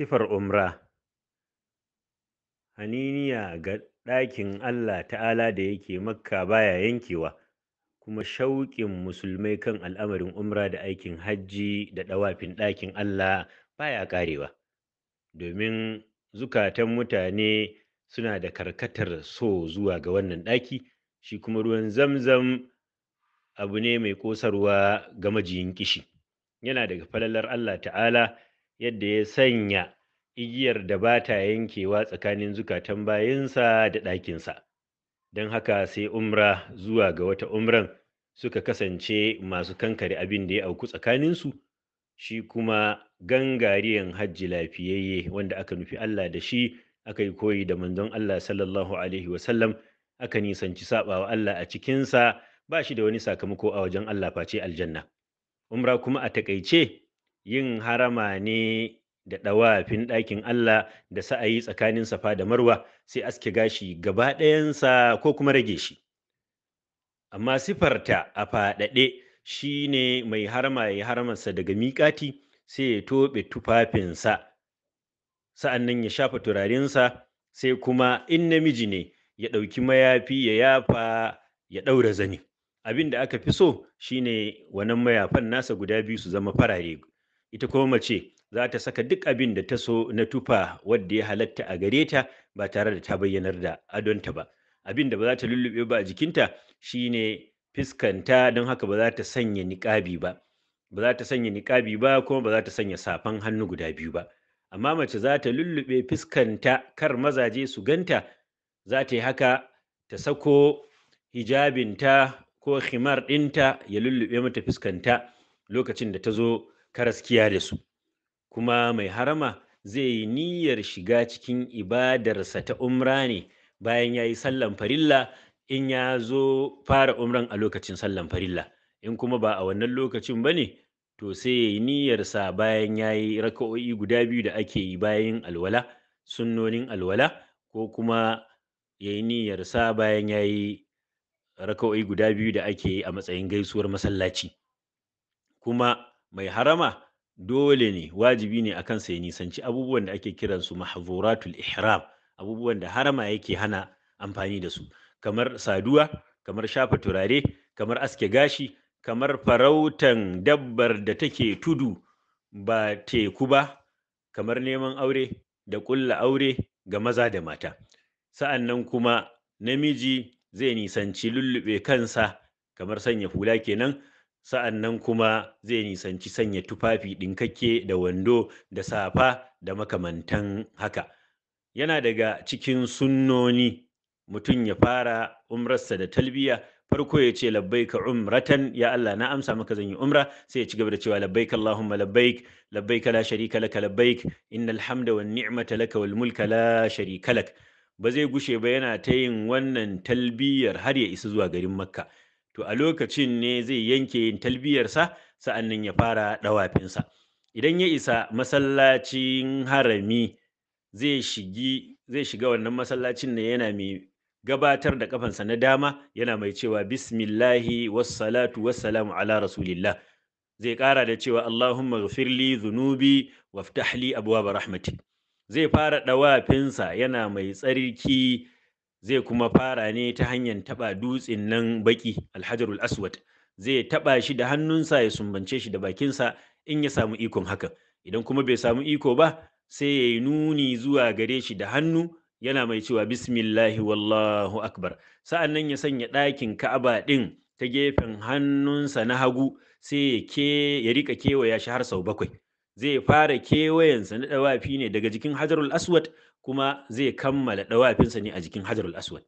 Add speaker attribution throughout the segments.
Speaker 1: sifar Umra Haniniya ga ɗakin Allah Ta'ala da yake Makka baya yankewa, kuma shauƙin Musulmai kan al'amarin Umra da aikin Hajji da ɗawafin ɗakin Allah baya ƙarewa, domin zukatan mutane suna da karkatar so zuwa ga wannan ɗaki, shi kuma ruwan Zamzam abu ne mai ƙosarwa ga majiyin kishi, Yana daga falalar Allah Ta'ala yadda ya sanya igiyar da ba ta yankewa tsakanin zukatan bayinsa da ɗakinsa don haka sai umra zuwa ga wata umran suka kasance masu kankare abin da ya auku tsakaninsu shi kuma gangariyan hajji lafiyayye wanda aka nufi Allah da shi aka yi koyi da manzon Allah sallallahu alaihi wasallam aka nisanci saɓawa Allah a cikinsa ba shi da wani sakamako a wajen Allah face aljanna umra kuma a takaice yin harama ne da ɗawafin ɗakin Allah da sa'ayi tsakanin safa da marwa sai aske gashi gaba ɗayansa ko kuma rage shi amma sifarta a faɗaɗe shi ne mai harama ya haramarsa daga miƙati sai ya toɓe tufafinsa sa'an nan ya shafa turarinsa, sai kuma in namiji ne ya ɗauki mayafi ya yafa ya ɗaura zani abin da aka fi so shine wannan mayafan nasa guda biyu su zama farare ita kuma mace za ta saka duk abin da ta so na tufa wadda ya halatta a gare ta ba tare da ta bayyanar da adonta ba abin da ba za ta lullube ba a jikinta ne fiskanta don haka ba za ta sanya niƙabi ba ba za ta sanya niƙabi ba kuma ba za ta sanya safan hannu guda biyu ba amma mace za ta lullube fiskanta kar mazaje su ganta za ta yi haka ta sako hijabinta ko himar ɗinta ya lullube mata fiskanta lokacin da ta zo karaskiya da su kuma mai harama zai yi niyyar shiga cikin ibadarsa ta umra ne bayan ya yi sallan farilla in ya zo fara umran a lokacin sallan farilla in kuma ba a wannan lokacin ba ne to sai ya yi niyyarsa bayan ya yi raka'o'i guda biyu da ake yi bayan alwala sunnonin alwala ko kuma ya yi niyyarsa bayan ya yi raka'o'i guda biyu da ake yi a matsayin gaisuwar masallaci kuma mai harama dole ne wajibi ne a kansa ya nisanci abubuwan da ake kiransu su mahzuratul ihram abubuwan da harama yake hana amfani da su kamar saduwa kamar shafa turare kamar aske gashi kamar farautan dabbar da take tudu ba teku ba kamar neman aure da ƙulla aure ga maza da mata sa'an nan kuma namiji zai nisanci lullube kansa kamar sanya hula kenan sa'an nan kuma zai nisanci sanya tufafi ɗinkakke da wando da safa da makamantan haka yana daga cikin sunnoni mutum ya fara umrarsa da talbiya farko ya ce labbaika umratan ya Allah na amsa maka zan yi umra sai ya ci gaba da cewa labbaik Allahumma labbaik labbaik la sharika laka labbaik innal hamda wan ni'mata laka wal mulka la sharika lak ba zai gushe ba yana ta yin wannan talbiyar har ya isa zuwa garin Makka to a lokacin ne zai yanke yin talbiyarsa sa'annan ya fara ɗawafinsa idan ya isa masallacin harami zai shiga wannan masallacin ne yana mai gabatar da kafansa na dama yana mai cewa bismillahi wassalatu wassalamu ala rasulillah zai ƙara da cewa Allahumma ghafirli zunubi waftahli abwaaba rahmati zai fara ɗawafinsa yana mai tsarki zai kuma fara ne ta hanyar taɓa dutsen nan baki alhajarul aswad zai taɓa shi da hannunsa ya sumbance shi da bakinsa in ya samu ikon hakan idan kuma bai samu iko ba sai ya yi nuni zuwa gare shi da hannu yana mai cewa bismillahi wallahu akbar sa'an nan ya sanya ɗakin ka'aba ɗin ta gefen hannunsa na hagu sai ya rika kewaya shi har sau bakwai zai fara kewayensa na ɗawafi ne daga jikin hajarul aswad kuma zai kammala ɗawafinsa ne a jikin hajarul aswad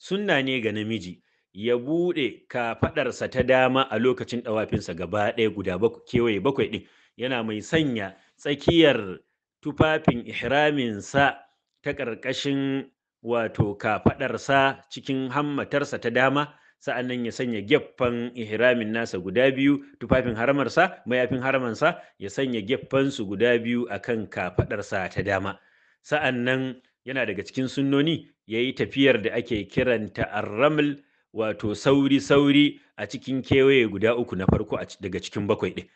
Speaker 1: sunna ne ga namiji ya buɗe kafaɗarsa ta dama a lokacin dawafinsa gaba ɗaya guda kewaye bakwai ɗin yana mai sanya tsakiyar tufafin ihraminsa ta ƙarƙashin wato kafaɗarsa cikin hammatarsa ta dama sa'annan ya sanya gefen ihramin nasa guda biyu tufafin haramarsa mayafin haramansa ya sanya su guda biyu akan kafaɗarsa ta dama sa'annan yana daga cikin sunnoni ya yi tafiyar da ake kiranta arraml wato sauri sauri a cikin kewaye guda uku na farko daga cikin bakwai ɗin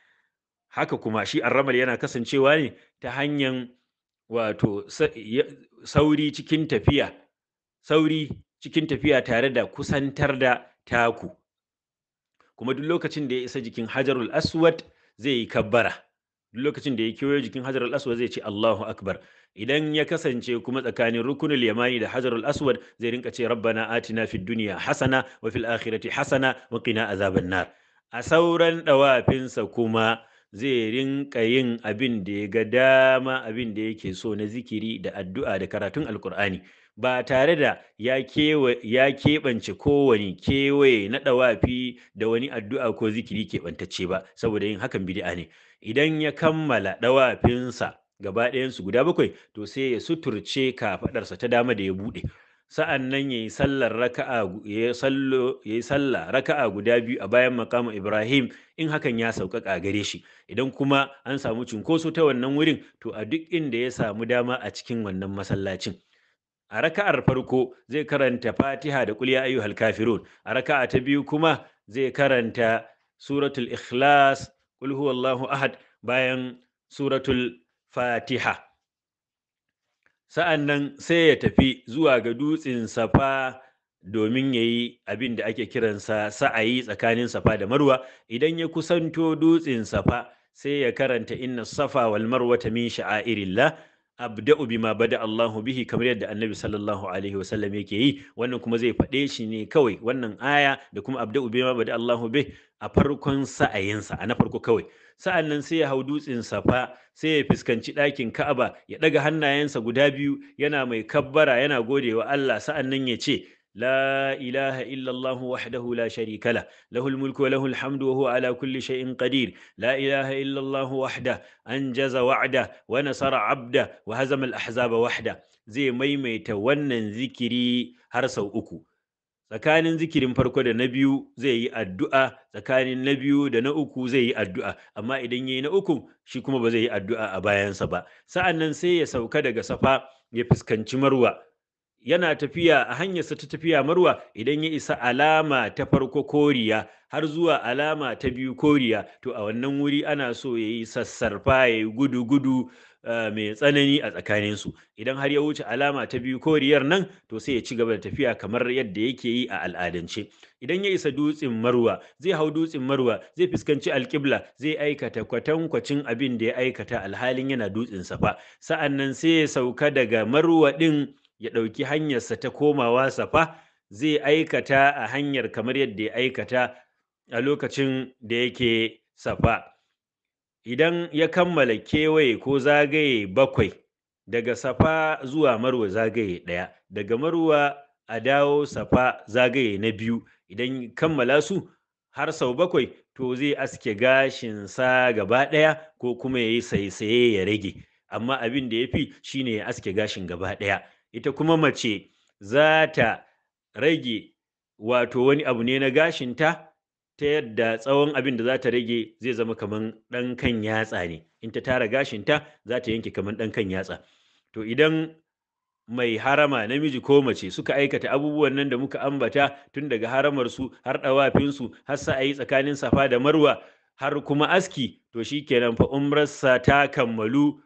Speaker 1: haka kuma shi arraml yana kasancewa ne ta hanyar wato sauri cikin tafiya sauri cikin tafiya tare da kusantar da taku kuma duk lokacin da ya isa jikin hajarul aswad zai yi kabbara duk lokacin da ya kewayo jikin hajarul aswad zai ce Allahu akbar idan ya kasance kuma tsakanin rukunul yamani da hajarul aswad zai rinka ce rabbana atina fid dunya hasana wa fil akhirati hasana wa qina azaban nar a sauran dawafinsa kuma zai rinka yin abin da ya ga dama abin da yake so na zikiri da addu'a da karatun alkur'ani ba tare da ya keɓance kowane kewaye na ɗawafi da wani addu'a ko zikiri keɓantacce ba saboda yin hakan bidi'a ne idan ya kammala ɗawafinsa gaba ɗayansu guda bakwai to sai ya suturce kafaɗarsa ta dama da ya buɗe sa'an nan ya yi sallar raka'a sallah raka'a guda biyu a bayan makamu Ibrahim in hakan ya sauƙaƙa gare shi idan kuma an samu cunkoso ta wannan wurin to a duk inda ya samu dama a cikin wannan masallacin a raka'ar farko zai karanta fatiha da kulya ayyuhal kafirun a raka'a ta biyu kuma zai karanta suratul ikhlas kul huwallahu ahad bayan suratul fatiha Sa'annan sai ya tafi zuwa ga dutsin safa domin ya yi abin da ake kiransa sa'ayi tsakanin safa da marwa idan ya kusanto dutsin safa sai ya karanta inna safa wal marwa ta min sha'airillah abda'u bima bada Allahu bihi kamar yadda Annabi sallallahu alaihi sallam yake yi wannan kuma zai faɗe shi ne kawai wannan aya da kuma abda'u bima bada Allahu bih a farkon sa'ayinsa a na farko kawai Sa'annan sai ya hau dutsen safa sai ya fuskanci ɗakin Ka'aba ya ɗaga hannayensa guda biyu yana mai kabbara yana godewa Allah sa'an ya ce لا إله إلا الله وحده لا شريك له له الملك وله الحمد وهو على كل شيء قدير لا إله إلا الله وحده أنجز وعده ونصر عبده وهزم الأحزاب وحده زي ميميت ونن ذكري هرسو أكو tsakanin zikirin farko da na biyu zai yi addu'a tsakanin na biyu da na uku zai yi addu'a amma idan ya yi na uku shi kuma ba zai yi addu'a a bayansa ba sa'an nan sai ya sauka daga safa ya fuskanci marwa yana tafiya a hanyarsa ta tafiya marwa idan ya isa alama ta farko koriya har zuwa alama ta biyu koriya to a wannan wuri ana so ya yi sassarfa ya yi gudu-gudu eh, mai tsanani a tsakaninsu idan har ya wuce alama ta biyu koriyar nan to sai ya ci gaba da tafiya kamar yadda yake yi a al'adance idan ya isa dutsen marwa zai hau dutsen marwa zai fuskanci alƙibla zai aikata kwatankwacin abin da ya aikata alhalin yana dutsen safa sa'an nan sai ya sauka daga marwa ɗin ya ɗauki hanyarsa ta komawa safa zai aikata a hanyar kamar yadda ya aikata a lokacin da yake safa idan ya kammala kewaye ko zagaye bakwai daga safa zuwa marwa zagaye ɗaya daga marwa a dawo safa zagaye na biyu idan kammala su har sau bakwai to zai aske gashinsa gaba ɗaya ko kuma ya yi saisaye ya rage amma abin da ya fi shine ya aske gashin gaba ɗaya ita kuma mace za ta rage wato wani abu ne na gashinta ta yadda tsawon abin da za ta rage zai zama kamar ɗan kan yatsa ne in ta tara gashinta za ta yanke kamar ɗan kan yatsa to idan mai harama namiji ko mace suka aikata abubuwan nan da muka ambata tun daga haramarsu har ɗawafinsu har sa yi tsakanin safa da marwa har kuma aski to shikenan fa umrarsa ta kammalu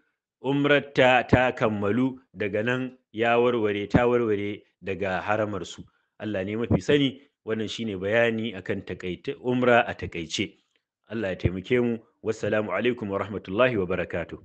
Speaker 1: umrar ta ta kammalu daga nan ya warware ta warware daga haramarsu Allah ne mafi sani wannan shine bayani akan takaita umra a takaice Allah ya taimake mu wassalamu alaikum wa rahmatullahi wa barakatuh